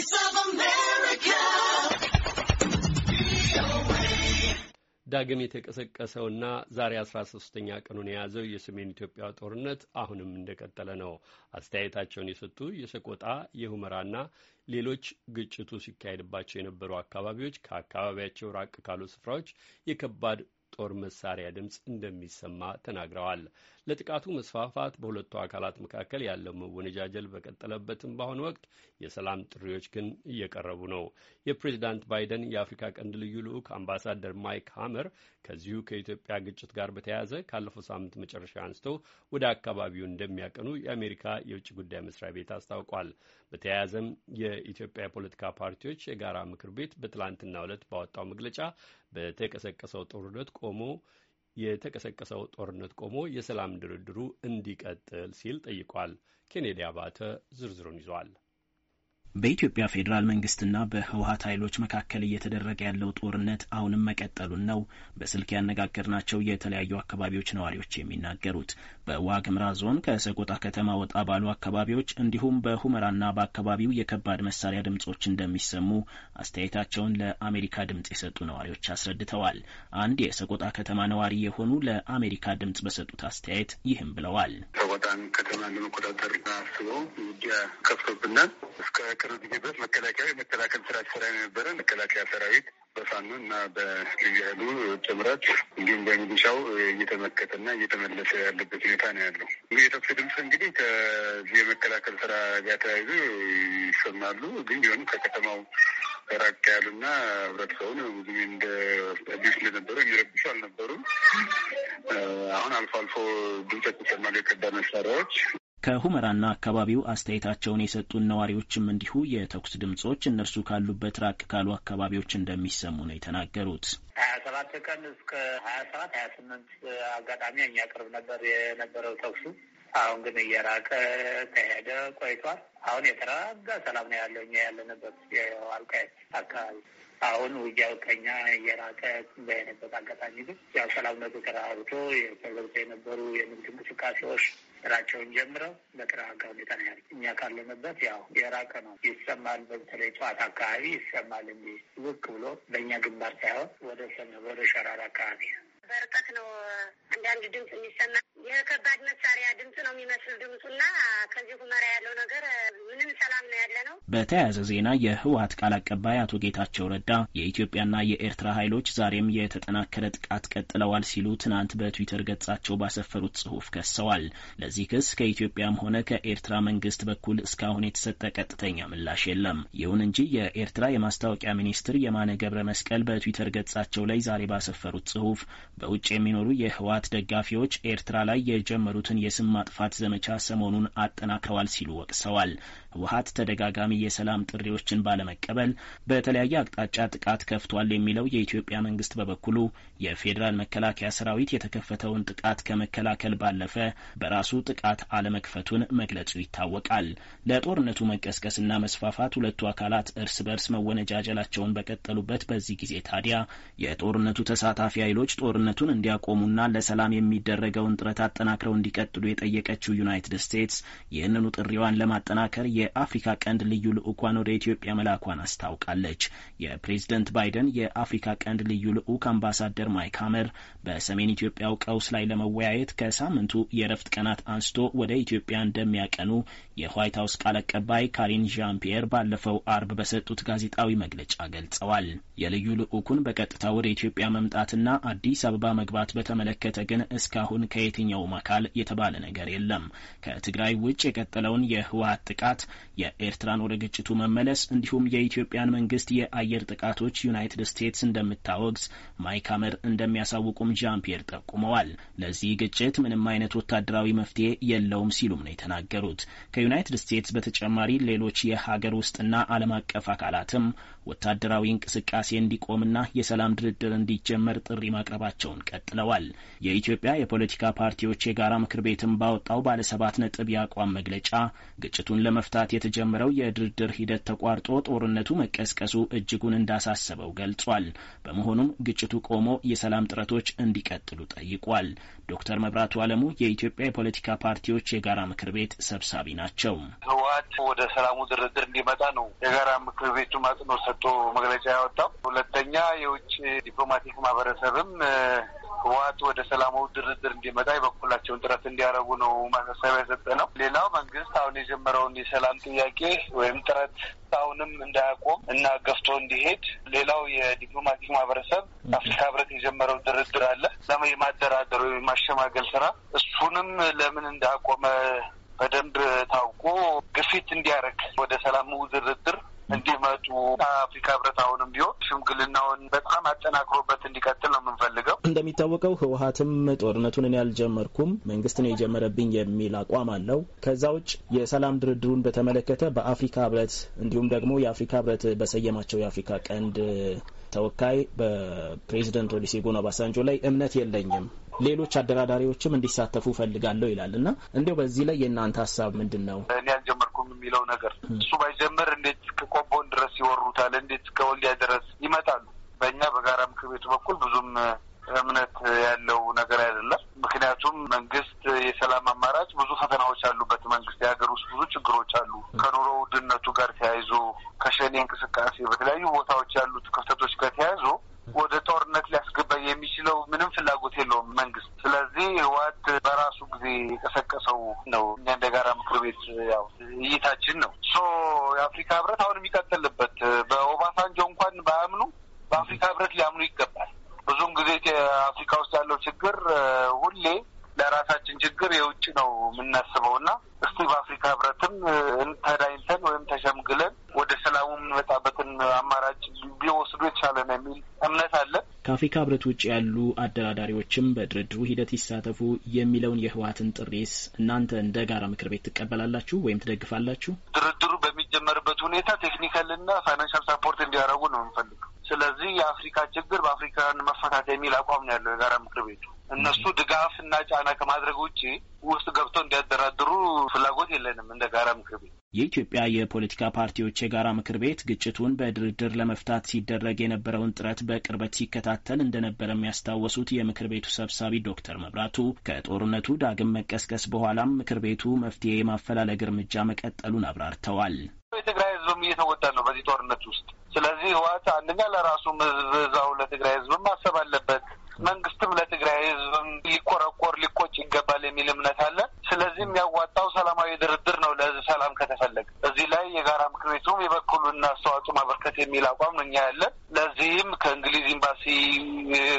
Voice of America. ዳግም የተቀሰቀሰውና ዛሬ አስራ ሶስተኛ ቀኑን የያዘው የሰሜን ኢትዮጵያ ጦርነት አሁንም እንደቀጠለ ነው። አስተያየታቸውን የሰጡ የሰቆጣ የሁመራና ሌሎች ግጭቱ ሲካሄድባቸው የነበሩ አካባቢዎች ከአካባቢያቸው ራቅ ካሉ ስፍራዎች የከባድ የጦር መሳሪያ ድምፅ እንደሚሰማ ተናግረዋል። ለጥቃቱ መስፋፋት በሁለቱ አካላት መካከል ያለው መወነጃጀል በቀጠለበትም በአሁኑ ወቅት የሰላም ጥሪዎች ግን እየቀረቡ ነው። የፕሬዚዳንት ባይደን የአፍሪካ ቀንድ ልዩ ልዑክ አምባሳደር ማይክ ሃመር ከዚሁ ከኢትዮጵያ ግጭት ጋር በተያያዘ ካለፈው ሳምንት መጨረሻ አንስተው ወደ አካባቢው እንደሚያቀኑ የአሜሪካ የውጭ ጉዳይ መስሪያ ቤት አስታውቋል። በተያያዘም የኢትዮጵያ የፖለቲካ ፓርቲዎች የጋራ ምክር ቤት በትላንትና ዕለት ባወጣው መግለጫ በተቀሰቀሰው ጦርነት ቆሞ የተቀሰቀሰው ጦርነት ቆሞ የሰላም ድርድሩ እንዲቀጥል ሲል ጠይቋል። ኬኔዲ አባተ ዝርዝሩን ይዟል። በኢትዮጵያ ፌዴራል መንግስትና በህወሀት ኃይሎች መካከል እየተደረገ ያለው ጦርነት አሁንም መቀጠሉን ነው በስልክ ያነጋገርናቸው የተለያዩ አካባቢዎች ነዋሪዎች የሚናገሩት። በዋግምራ ዞን ከሰቆጣ ከተማ ወጣ ባሉ አካባቢዎች እንዲሁም በሁመራና በአካባቢው የከባድ መሳሪያ ድምጾች እንደሚሰሙ አስተያየታቸውን ለአሜሪካ ድምጽ የሰጡ ነዋሪዎች አስረድተዋል። አንድ የሰቆጣ ከተማ ነዋሪ የሆኑ ለአሜሪካ ድምጽ በሰጡት አስተያየት ይህም ብለዋል። ሰቆጣን ከተማ ለመቆጣጠር አስበው ውጊያ ከፍቶብናል እስከ ከቅርብ ጊዜ ድረስ መከላከያ የመከላከል ስራ ሲሰራ የነበረ መከላከያ ሰራዊት በፋኖ እና በልዩ ኃይሉ ጥምረት እንዲሁም በሚሊሻው እየተመከተና እየተመለሰ ያለበት ሁኔታ ነው ያለው። እንግዲህ የተኩስ ድምፅ እንግዲህ ከዚህ የመከላከል ስራ ጋር ተያይዞ ይሰማሉ። ግን ቢሆንም ከከተማው ራቅ ያሉና ህብረተሰቡን ብዙ እንደ አዲስ እንደነበሩ የሚረብሹ አልነበሩም። አሁን አልፎ አልፎ ድምፀት ይሰማሉ። የከባድ መሳሪያዎች ከሁመራና አካባቢው አስተያየታቸውን የሰጡን ነዋሪዎችም እንዲሁ የተኩስ ድምጾች እነርሱ ካሉበት ራቅ ካሉ አካባቢዎች እንደሚሰሙ ነው የተናገሩት። ሀያ ሰባት ቀን እስከ ሀያ ሰባት ሀያ ስምንት አጋጣሚ እኛ ቅርብ ነበር የነበረው ተኩሱ። አሁን ግን እየራቀ ተሄደ ቆይቷል። አሁን የተረጋጋ ሰላም ነው ያለው እኛ ያለንበት የዋልቃየት አካባቢ። አሁን ውጊያው ከኛ እየራቀ በሄነበት አጋጣሚ ግን ያው ሰላምነቱ ተራርቶ የነበሩ የንግድ እንቅስቃሴዎች ስራቸውን ጀምረው በተረጋጋ ሁኔታ ነው ያሉት። እኛ ካለንበት ያው የራቀ ነው ይሰማል። በተለይ ጠዋት አካባቢ ይሰማል እንጂ ውቅ ብሎ በእኛ ግንባር ሳይሆን ወደ ሰሜን ወደ ሸራር አካባቢ በርቀት ነው አንዳንድ ድምፅ የሚሰማ የከባድ መሳሪያ ድምፅ ነው የሚመስል ድምፁና ከዚህ ሁመራ ያለው ነገር ምንም በተያያዘ ዜና የህወሀት ቃል አቀባይ አቶ ጌታቸው ረዳ የኢትዮጵያና የኤርትራ ኃይሎች ዛሬም የተጠናከረ ጥቃት ቀጥለዋል ሲሉ ትናንት በትዊተር ገጻቸው ባሰፈሩት ጽሁፍ ከሰዋል። ለዚህ ክስ ከኢትዮጵያም ሆነ ከኤርትራ መንግስት በኩል እስካሁን የተሰጠ ቀጥተኛ ምላሽ የለም። ይሁን እንጂ የኤርትራ የማስታወቂያ ሚኒስትር የማነ ገብረ መስቀል በትዊተር ገጻቸው ላይ ዛሬ ባሰፈሩት ጽሁፍ በውጭ የሚኖሩ የህወሀት ደጋፊዎች ኤርትራ ላይ የጀመሩትን የስም ማጥፋት ዘመቻ ሰሞኑን አጠናክረዋል ሲሉ ወቅሰዋል። ህወሀት ተደጋጋሚ የሰላም ጥሪዎችን ባለመቀበል በተለያየ አቅጣጫ ጥቃት ከፍቷል የሚለው የኢትዮጵያ መንግስት በበኩሉ የፌዴራል መከላከያ ሰራዊት የተከፈተውን ጥቃት ከመከላከል ባለፈ በራሱ ጥቃት አለመክፈቱን መግለጹ ይታወቃል። ለጦርነቱ መቀስቀስና መስፋፋት ሁለቱ አካላት እርስ በርስ መወነጃጀላቸውን በቀጠሉበት በዚህ ጊዜ ታዲያ የጦርነቱ ተሳታፊ ኃይሎች ጦርነቱን እንዲያቆሙና ለሰላም የሚደረገውን ጥረት አጠናክረው እንዲቀጥሉ የጠየቀችው ዩናይትድ ስቴትስ ይህንኑ ጥሪዋን ለማጠናከር የአፍሪካ ቀንድ ልዩ ልዑኳን ወደ ኢትዮጵያ መላኳን አስታውቃለች። የፕሬዝደንት ባይደን የአፍሪካ ቀንድ ልዩ ልዑክ አምባሳደር ማይክ ሀመር በሰሜን ኢትዮጵያው ቀውስ ላይ ለመወያየት ከሳምንቱ የእረፍት ቀናት አንስቶ ወደ ኢትዮጵያ እንደሚያቀኑ የዋይት ሀውስ ቃል አቀባይ ካሪን ዣን ፒየር ባለፈው አርብ በሰጡት ጋዜጣዊ መግለጫ ገልጸዋል። የልዩ ልዑኩን በቀጥታ ወደ ኢትዮጵያ መምጣትና አዲስ አበባ መግባት በተመለከተ ግን እስካሁን ከየትኛውም አካል የተባለ ነገር የለም። ከትግራይ ውጭ የቀጠለውን የህወሀት ጥቃት የኤርትራን ወደ ግጭቱ መመለስ እንዲሁም የኢትዮጵያን መንግስት የአየር ጥቃቶች ዩናይትድ ስቴትስ እንደምታወግዝ ማይክ ሀመር እንደሚያሳውቁም ዣን ፒየር ጠቁመዋል። ለዚህ ግጭት ምንም አይነት ወታደራዊ መፍትሄ የለውም ሲሉም ነው የተናገሩት። ከዩናይትድ ስቴትስ በተጨማሪ ሌሎች የሀገር ውስጥና ዓለም አቀፍ አካላትም ወታደራዊ እንቅስቃሴ እንዲቆምና የሰላም ድርድር እንዲጀመር ጥሪ ማቅረባቸውን ቀጥለዋል። የኢትዮጵያ የፖለቲካ ፓርቲዎች የጋራ ምክር ቤትም ባወጣው ባለሰባት ነጥብ የአቋም መግለጫ ግጭቱን ለመፍታት ለመፍታት የተጀመረው የድርድር ሂደት ተቋርጦ ጦርነቱ መቀስቀሱ እጅጉን እንዳሳሰበው ገልጿል። በመሆኑም ግጭቱ ቆሞ የሰላም ጥረቶች እንዲቀጥሉ ጠይቋል። ዶክተር መብራቱ አለሙ የኢትዮጵያ የፖለቲካ ፓርቲዎች የጋራ ምክር ቤት ሰብሳቢ ናቸው። ህወሀት ወደ ሰላሙ ድርድር እንዲመጣ ነው የጋራ ምክር ቤቱ አጽንኦት ሰጥቶ መግለጫ ያወጣው። ሁለተኛ የውጭ ዲፕሎማቲክ ማህበረሰብም ህወሓት ወደ ሰላማዊ ድርድር እንዲመጣ የበኩላቸውን ጥረት እንዲያደርጉ ነው ማሳሰቢያ የሰጠ ነው። ሌላው መንግስት አሁን የጀመረውን የሰላም ጥያቄ ወይም ጥረት አሁንም እንዳያቆም እና ገፍቶ እንዲሄድ፣ ሌላው የዲፕሎማቲክ ማህበረሰብ አፍሪካ ህብረት የጀመረው ድርድር አለ የማደራደር ወይም የማሸማገል ስራ እሱንም ለምን እንዳቆመ በደንብ ታውቆ ግፊት እንዲያደርግ ወደ ሰላም ድርድር እንዲመጡ አፍሪካ ህብረት አሁንም ቢሆን ሽምግልናውን በጣም አጠናክሮበት እንዲቀጥል ነው የምንፈልገው። እንደሚታወቀው ህወሀትም ጦርነቱን እኔ አልጀመርኩም መንግስት ነው የጀመረብኝ የሚል አቋም አለው። ከዛ ውጭ የሰላም ድርድሩን በተመለከተ በአፍሪካ ህብረት እንዲሁም ደግሞ የአፍሪካ ህብረት በሰየማቸው የአፍሪካ ቀንድ ተወካይ በፕሬዚደንት ኦሉሴጉን ኦባሳንጆ ላይ እምነት የለኝም ሌሎች አደራዳሪዎችም እንዲሳተፉ ፈልጋለሁ ይላል እና እንዲው በዚህ ላይ የእናንተ ሀሳብ ምንድን ነው? እኔ አልጀመርኩም የሚለው ነገር እሱ ባይጀምር እንዴት ከቆቦን ድረስ ይወሩታል? እንዴት እስከ ወልዲያ ድረስ ይመጣሉ? በእኛ በጋራ ምክር ቤቱ በኩል ብዙም እምነት ያለው ነገር አይደለም። ምክንያቱም መንግስት የሰላም አማራጭ ብዙ ፈተናዎች አሉበት። መንግስት የሀገር ውስጥ ብዙ ችግሮች አሉ። ከኑሮ ውድነቱ ጋር ተያይዞ ከሸኔ እንቅስቃሴ፣ በተለያዩ ቦታዎች ያሉት ክፍተቶች ጋር ተያይዞ ነው እኛ እንደ ጋራ ምክር ቤት ያው እይታችን ነው። ሶ የአፍሪካ ህብረት አሁን የሚቀጥልበት በኦባሳንጆ እንኳን ባያምኑ በአፍሪካ ህብረት ሊያምኑ ይገባል። ብዙም ጊዜ አፍሪካ ውስጥ ያለው ችግር ሁሌ ለራሳችን ችግር የውጭ ነው የምናስበው እና እስቲ በአፍሪካ ህብረትም ተዳኝተን ወይም ተሸምግለን ወደ ሰላሙ የምንመጣበትን አማራጭ ቢወስዱ የተሻለ ነው የሚል እምነት አለን። ከአፍሪካ ህብረት ውጭ ያሉ አደራዳሪዎችም በድርድሩ ሂደት ይሳተፉ የሚለውን የህወሀትን ጥሪስ እናንተ እንደ ጋራ ምክር ቤት ትቀበላላችሁ ወይም ትደግፋላችሁ? ድርድሩ በሚጀመርበት ሁኔታ ቴክኒካል ፋይናንሻል ሰፖርት እንዲያደርጉ ነው የምንፈልገው። ስለዚህ የአፍሪካ ችግር በአፍሪካን መፈታት የሚል አቋም ነው ያለው የጋራ ምክር ቤቱ። እነሱ ድጋፍ እና ጫና ከማድረግ ውጭ ውስጥ ገብተው እንዲያደራድሩ ፍላጎት የለንም እንደ ጋራ ምክር ቤት። የኢትዮጵያ የፖለቲካ ፓርቲዎች የጋራ ምክር ቤት ግጭቱን በድርድር ለመፍታት ሲደረግ የነበረውን ጥረት በቅርበት ሲከታተል እንደነበረ የሚያስታወሱት የምክር ቤቱ ሰብሳቢ ዶክተር መብራቱ ከጦርነቱ ዳግም መቀስቀስ በኋላም ምክር ቤቱ መፍትሄ የማፈላለግ እርምጃ መቀጠሉን አብራርተዋል። የትግራይ ህዝብም እየተጎዳ ነው በዚህ ጦርነት ውስጥ። ስለዚህ ህወሓት አንደኛ ለራሱም ህዝብ እዛው ለትግራይ ህዝብም ማሰብ አለበት። መንግስትም ለትግራይ ህዝብም ሊቆረቆር ሊቆጭ ይገባል የሚል እምነት አለ። ስለዚህ የሚያዋጣው ሰላማዊ ድርድር ነው መፈለግ። እዚህ ላይ የጋራ ምክር ቤቱም የበኩሉን አስተዋጽኦ ማበርከት የሚል አቋም ነው እኛ ያለን። ለዚህም ከእንግሊዝ ኤምባሲ፣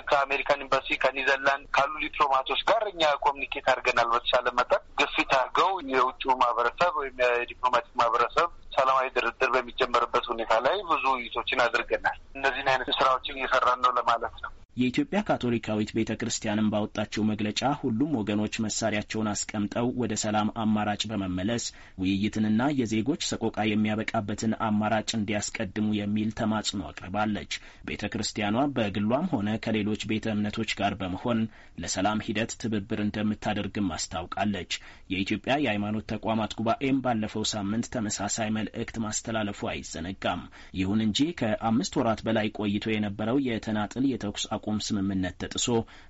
ከአሜሪካን ኤምባሲ፣ ከኒዘርላንድ ካሉ ዲፕሎማቶች ጋር እኛ ኮሚኒኬት አድርገናል። በተቻለ መጠን ግፊት አድርገው የውጭ ማህበረሰብ ወይም የዲፕሎማቲክ ማህበረሰብ ሰላማዊ ድርድር በሚጀመርበት ሁኔታ ላይ ብዙ ውይይቶችን አድርገናል። እነዚህን አይነት ስራዎችን እየሰራን ነው ለማለት ነው። የኢትዮጵያ ካቶሊካዊት ቤተ ክርስቲያንን ባወጣችው መግለጫ ሁሉም ወገኖች መሳሪያቸውን አስቀምጠው ወደ ሰላም አማራጭ በመመለስ ውይይትንና የዜጎች ሰቆቃ የሚያበቃበትን አማራጭ እንዲያስቀድሙ የሚል ተማጽኖ አቅርባለች። ቤተ ክርስቲያኗ በግሏም ሆነ ከሌሎች ቤተ እምነቶች ጋር በመሆን ለሰላም ሂደት ትብብር እንደምታደርግም አስታውቃለች። የኢትዮጵያ የሃይማኖት ተቋማት ጉባኤም ባለፈው ሳምንት ተመሳሳይ መልእክት ማስተላለፉ አይዘነጋም። ይሁን እንጂ ከአምስት ወራት በ በላይ ቆይቶ የነበረው የተናጥል የተኩስ አቁም ስምምነት ተጥሶ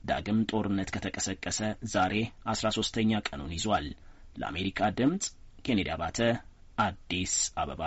ዳግም ጦርነት ከተቀሰቀሰ ዛሬ 13 ኛ ቀኑን ይዟል። ለአሜሪካ ድምፅ ኬኔዲ አባተ አዲስ አበባ